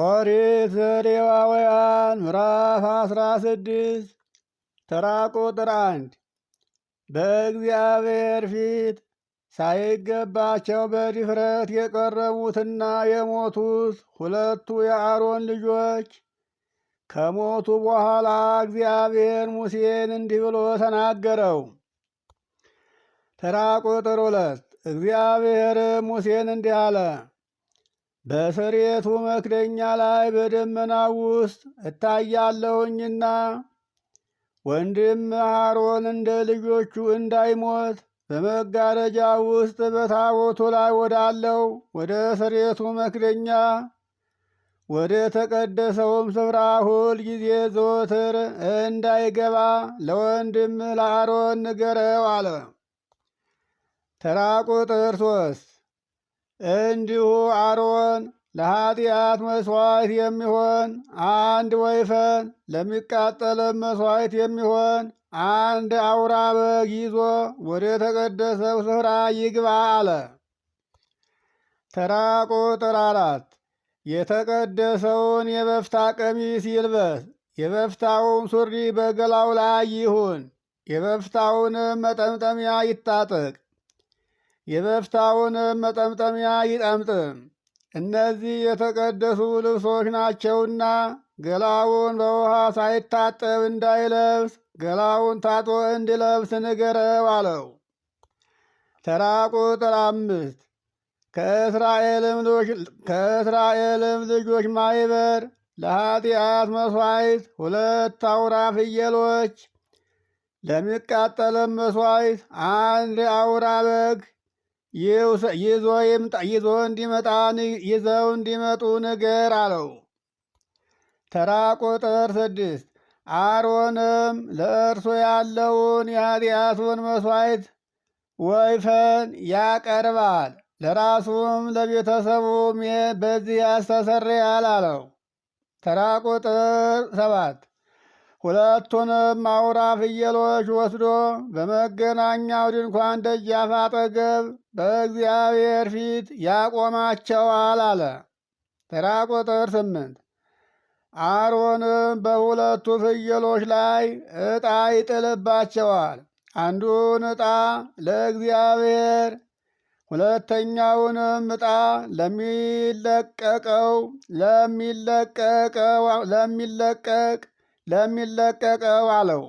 ኦሪት ዘሌዋውያን ምዕራፍ አስራ ስድስት ተራ ቁጥር አንድ በእግዚአብሔር ፊት ሳይገባቸው በድፍረት የቀረቡትና የሞቱት ሁለቱ የአሮን ልጆች ከሞቱ በኋላ እግዚአብሔር ሙሴን እንዲህ ብሎ ተናገረው። ተራ ቁጥር ሁለት እግዚአብሔር ሙሴን እንዲህ አለ በስሬቱ መክደኛ ላይ በደመና ውስጥ እታያለሁኝና ወንድም አሮን እንደ ልጆቹ እንዳይሞት በመጋረጃ ውስጥ በታቦቱ ላይ ወዳለው ወደ ስሬቱ መክደኛ ወደ ተቀደሰውም ስፍራ ሁል ጊዜ ዘወትር እንዳይገባ ለወንድም ለአሮን ንገረው አለ። ተራ ቁጥር ሶስት እንዲሁ አሮን ለኃጢአት መሥዋዕት የሚሆን አንድ ወይፈን ለሚቃጠልም መሥዋዕት የሚሆን አንድ አውራ በግ ይዞ ወደ ተቀደሰው ስፍራ ይግባ አለ። ተራ ቁጥር አራት የተቀደሰውን የበፍታ ቀሚስ ይልበስ። የበፍታውም ሱሪ በገላው ላይ ይሁን። የበፍታውንም መጠምጠሚያ ይታጠቅ። የበፍታውንም መጠምጠሚያ ይጠምጥም። እነዚህ የተቀደሱ ልብሶች ናቸውና ገላውን በውሃ ሳይታጠብ እንዳይለብስ ገላውን ታጦ እንዲለብስ ንገረው አለው። ተራ ቁጥር አምስት ከእስራኤልም ልጆች ማይበር ለኃጢአት መሥዋዕት ሁለት አውራ ፍየሎች፣ ለሚቃጠልም መሥዋዕት አንድ አውራ በግ ይዞ እንዲመጣ ይዘው እንዲመጡ ንገር አለው። ተራ ቁጥር ስድስት አሮንም ለእርሶ ያለውን የኃጢአቱን መሥዋዕት ወይፈን ያቀርባል፣ ለራሱም ለቤተሰቡም በዚህ ያስተሰርያል አለው። ተራ ቁጥር ሰባት ሁለቱንም አውራ ፍየሎች ወስዶ በመገናኛው ድንኳን ደጃፍ አጠገብ በእግዚአብሔር ፊት ያቆማቸዋል አለ። ተራ ቁጥር ስምንት አሮንም በሁለቱ ፍየሎች ላይ ዕጣ ይጥልባቸዋል። አንዱን ዕጣ ለእግዚአብሔር ሁለተኛውንም ዕጣ ለሚለቀቀው ለሚለቀቀው ለሚለቀቅ ለሚለቀቀው አለው።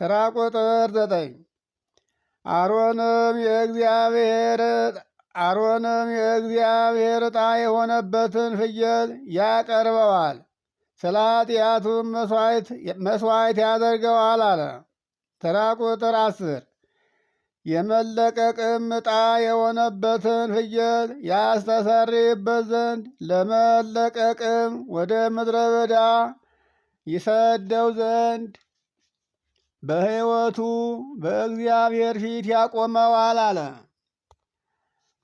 ተራ ቁጥር ዘጠኝ አሮንም የእግዚአብሔር አሮንም የእግዚአብሔር ዕጣ የሆነበትን ፍየል ያቀርበዋል፣ ስለ ኃጢአቱም መስዋዕት ያደርገዋል አለ። ተራ ቁጥር አስር የመለቀቅም ዕጣ የሆነበትን ፍየል ያስተሰርይበት ዘንድ ለመለቀቅም ወደ ምድረ በዳ ይሰደው ዘንድ በሕይወቱ በእግዚአብሔር ፊት ያቆመዋል አለ።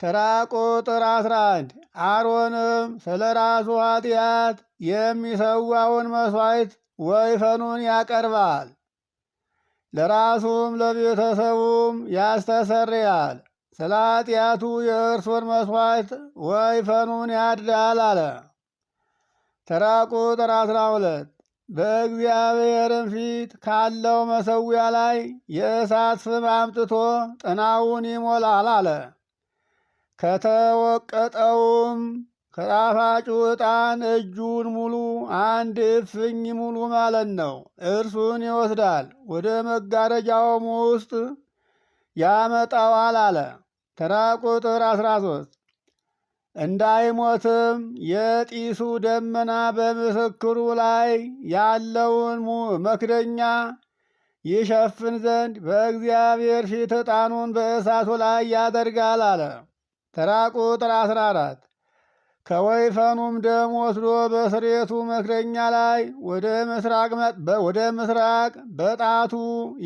ተራ ቁጥር 11 አሮንም ስለ ራሱ ኃጢአት የሚሰዋውን መሥዋዕት ወይፈኑን ያቀርባል ለራሱም ለቤተሰቡም ያስተሰርያል። ስለ ኃጢአቱ የእርሱን መሥዋዕት ወይፈኑን ያድዳል አለ። ተራ ቁጥር አስራ በእግዚአብሔርም ፊት ካለው መሰዊያ ላይ የእሳት ፍም አምጥቶ ጥናውን ይሞላል አለ። ከተወቀጠውም ከጣፋጩ ዕጣን እጁን ሙሉ አንድ እፍኝ ሙሉ ማለት ነው። እርሱን ይወስዳል፣ ወደ መጋረጃውም ውስጥ ያመጣዋል አለ። ተራ ቁጥር 13 እንዳይሞትም የጢሱ ደመና በምስክሩ ላይ ያለውን መክደኛ ይሸፍን ዘንድ በእግዚአብሔር ፊት ዕጣኑን በእሳቱ ላይ ያደርጋል አለ። ተራ ቁጥር 14 ከወይፈኑም ደም ወስዶ በስሬቱ መክደኛ ላይ ወደ ምስራቅ ወደ ምስራቅ በጣቱ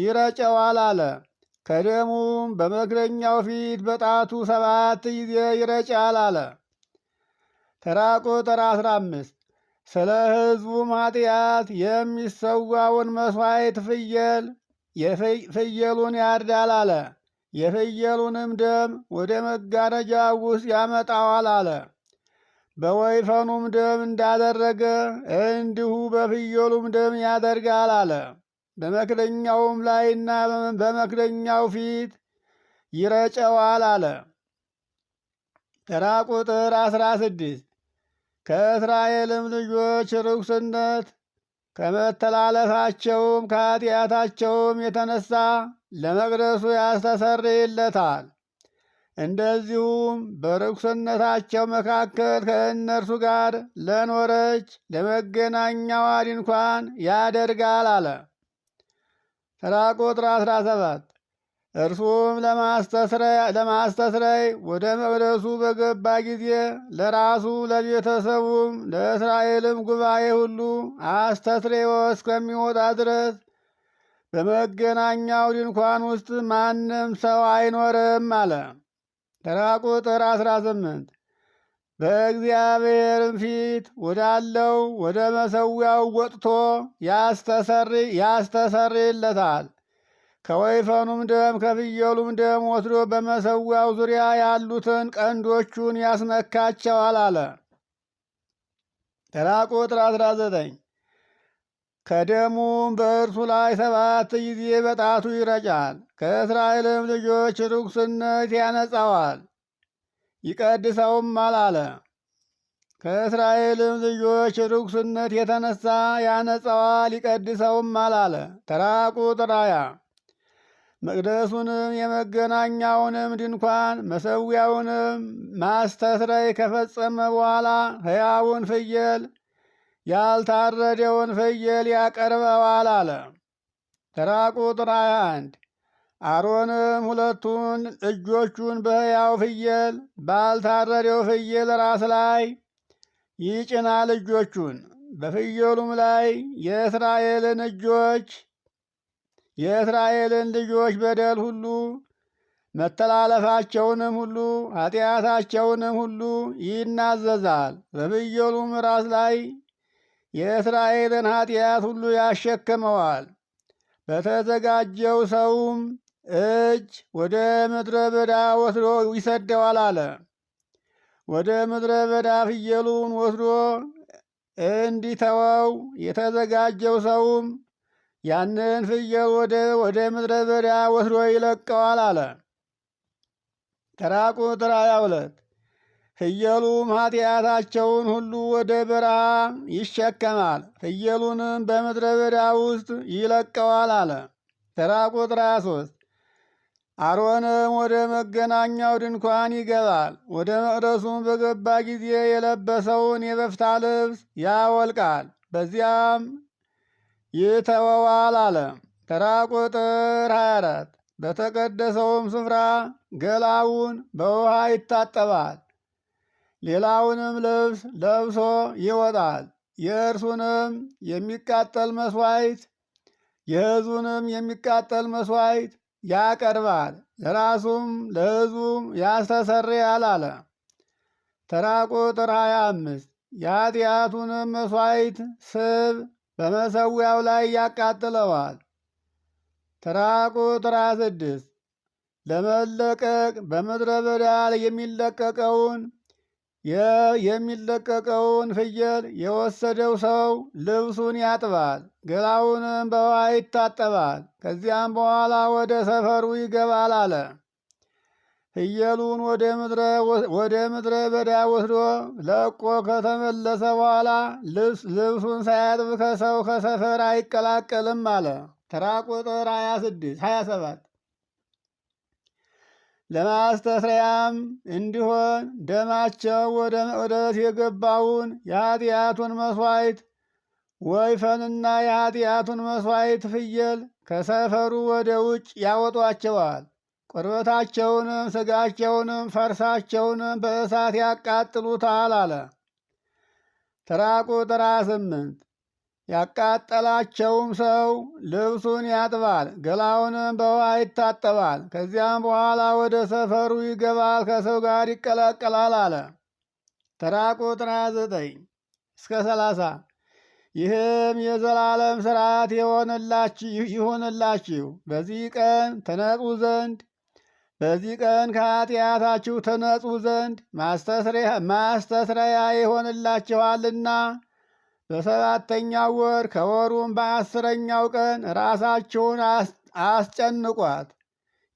ይረጨዋል አለ። ከደሙም በመክደኛው ፊት በጣቱ ሰባት ጊዜ ይረጫል አለ። ተራ ቁጥር 15 ስለ ህዝቡ ኃጢአት የሚሰዋውን መስዋይት ፍየል የፍየሉን ያርዳል አለ። የፍየሉንም ደም ወደ መጋረጃ ውስጥ ያመጣዋል አለ። በወይፈኑም ደም እንዳደረገ እንዲሁ በፍየሉም ደም ያደርጋል አለ። በመክደኛውም ላይና በመክደኛው ፊት ይረጨዋል አለ። ተራ ቁጥር አስራ ስድስት ከእስራኤልም ልጆች ርኩስነት ከመተላለፋቸውም ከኃጢአታቸውም የተነሳ ለመቅደሱ ያስተሰርይለታል። እንደዚሁም በርኩስነታቸው መካከል ከእነርሱ ጋር ለኖረች ለመገናኛዋ ድንኳን ያደርጋል አለ። ተራ ቁጥር 17 እርሱም ለማስተስረይ ወደ መቅደሱ በገባ ጊዜ ለራሱ ለቤተሰቡም ለእስራኤልም ጉባኤ ሁሉ አስተስሬዎ እስከሚወጣ ድረስ በመገናኛው ድንኳን ውስጥ ማንም ሰው አይኖርም አለ። ተራ ቁጥር 18 በእግዚአብሔርም ፊት ወዳለው ወደ መሰዊያው ወጥቶ ያስተሰሪለታል። ከወይፈኑም ደም ከፍየሉም ደም ወስዶ በመሰዊያው ዙሪያ ያሉትን ቀንዶቹን ያስነካቸዋል አለ። ተራ ቁጥር 19 ከደሙም በእርሱ ላይ ሰባት ጊዜ በጣቱ ይረጫል። ከእስራኤልም ልጆች ርኩስነት ያነጻዋል ይቀድሰውም አላለ። ከእስራኤልም ልጆች ርኩስነት የተነሳ ያነጻዋል ይቀድሰውም አላለ። ተራ ቁጥር መቅደሱንም የመገናኛውንም ድንኳን መሰዊያውንም ማስተስረይ ከፈጸመ በኋላ ሕያውን ፍየል ያልታረደውን ፍየል ያቀርበዋል አለ። ተራ ቁጥር 21 አሮንም ሁለቱን እጆቹን በሕያው ፍየል ባልታረደው ፍየል ራስ ላይ ይጭናል እጆቹን በፍየሉም ላይ የእስራኤልን እጆች የእስራኤልን ልጆች በደል ሁሉ መተላለፋቸውንም ሁሉ ኃጢአታቸውንም ሁሉ ይናዘዛል። በፍየሉም ራስ ላይ የእስራኤልን ኃጢአት ሁሉ ያሸክመዋል። በተዘጋጀው ሰውም እጅ ወደ ምድረ በዳ ወስዶ ይሰደዋል አለ። ወደ ምድረ በዳ ፍየሉን ወስዶ እንዲተወው የተዘጋጀው ሰውም ያንን ፍየል ወደ ወደ ምድረ በዳ ወስዶ ይለቀዋል አለ። ተራ ቁጥር ሃያ ሁለት ፍየሉም ኃጢአታቸውን ሁሉ ወደ በረሃ ይሸከማል፣ ፍየሉንም በምድረ በዳ ውስጥ ይለቀዋል አለ። ተራ ቁጥር ሃያ ሶስት አሮንም ወደ መገናኛው ድንኳን ይገባል። ወደ መቅደሱም በገባ ጊዜ የለበሰውን የበፍታ ልብስ ያወልቃል። በዚያም ይተወዋል አለ። ተራ ቁጥር 24 በተቀደሰውም ስፍራ ገላውን በውሃ ይታጠባል፣ ሌላውንም ልብስ ለብሶ ይወጣል። የእርሱንም የሚቃጠል መስዋይት የሕዝቡንም የሚቃጠል መስዋይት ያቀርባል፣ ለራሱም ለሕዝቡም ያስተሰርያል አለ። ተራ ቁጥር 25 የኃጢአቱንም መስዋይት ስብ በመሰዊያው ላይ ያቃጥለዋል። ተራ ቁጥር 26 ለመለቀቅ በምድረ በዳ የሚለቀቀውን የሚለቀቀውን ፍየል የወሰደው ሰው ልብሱን ያጥባል፣ ገላውንም በውሃ ይታጠባል። ከዚያም በኋላ ወደ ሰፈሩ ይገባል አለ። ፍየሉን ወደ ምድረ በዳ ወስዶ ለቆ ከተመለሰ በኋላ ልብሱን ሳያጥብ ከሰው ከሰፈር አይቀላቀልም አለ። ተራ ቁጥር 26 27 ለማስተስሪያም እንዲሆን ደማቸው ወደ መቅደስ የገባውን የኃጢአቱን መስዋይት ወይፈንና የኃጢአቱን መስዋይት ፍየል ከሰፈሩ ወደ ውጭ ያወጧቸዋል። ቆርበታቸውንም ስጋቸውንም ፈርሳቸውንም በእሳት ያቃጥሉታል አለ። ተራ ቁጥር ስምንት ያቃጠላቸውም ሰው ልብሱን ያጥባል፣ ገላውንም በውሃ ይታጠባል። ከዚያም በኋላ ወደ ሰፈሩ ይገባል፣ ከሰው ጋር ይቀላቀላል አለ። ተራ ቁጥር ዘጠኝ እስከ ሰላሳ ይህም የዘላለም ስርዓት ይሆንላችሁ። በዚህ ቀን ተነቁ ዘንድ በዚህ ቀን ከኃጢአታችሁ ተነጹ ዘንድ ማስተስረያ ይሆንላችኋልና በሰባተኛው ወር ከወሩም በአስረኛው ቀን ራሳችሁን አስጨንቋት።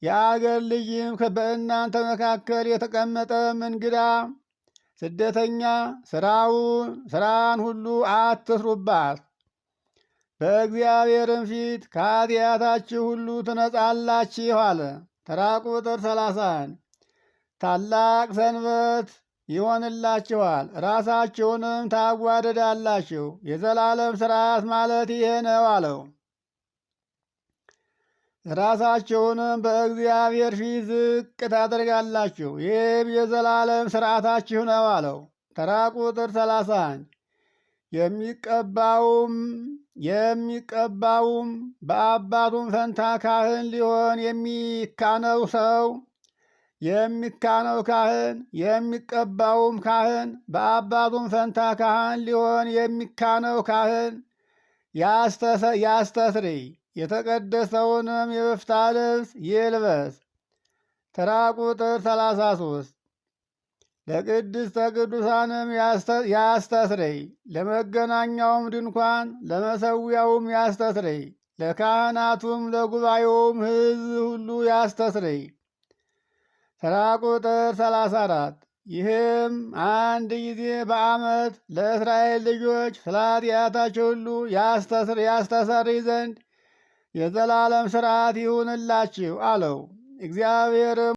የአገር ልጅም በእናንተ መካከል የተቀመጠም እንግዳ ስደተኛ ስራውን ስራን ሁሉ አትስሩባት። በእግዚአብሔርም ፊት ከኃጢአታችሁ ሁሉ ትነጻላችሁ አለ። ተራ ቁጥር 30 ታላቅ ሰንበት ይሆንላችኋል፣ ራሳችሁንም ታዋደዳላችሁ። የዘላለም ስርዓት ማለት ይሄ ነው አለው። ራሳችሁንም በእግዚአብሔር ፊት ዝቅ ታደርጋላችሁ። ይህም የዘላለም ስርዓታችሁ ነው አለው። ተራ ቁጥር 30 የሚቀባውም የሚቀባውም በአባቱም ፈንታ ካህን ሊሆን የሚካነው ሰው የሚካነው ካህን የሚቀባውም ካህን በአባቱም ፈንታ ካህን ሊሆን የሚካነው ካህን ያስተስሪ የተቀደሰውንም የበፍታ ልብስ ይልበስ። ተራ ቁጥር 33 ለቅድስተ ቅዱሳንም ያስተስረይ፣ ለመገናኛውም ድንኳን ለመሰዊያውም ያስተስረይ፣ ለካህናቱም ለጉባኤውም ሕዝብ ሁሉ ያስተስረይ። ተራ ቁጥር 34 ይህም አንድ ጊዜ በዓመት ለእስራኤል ልጆች ስለ ኃጢአታቸው ሁሉ ያስተሰርይ ዘንድ የዘላለም ሥርዓት ይሁንላችሁ አለው። እግዚአብሔርም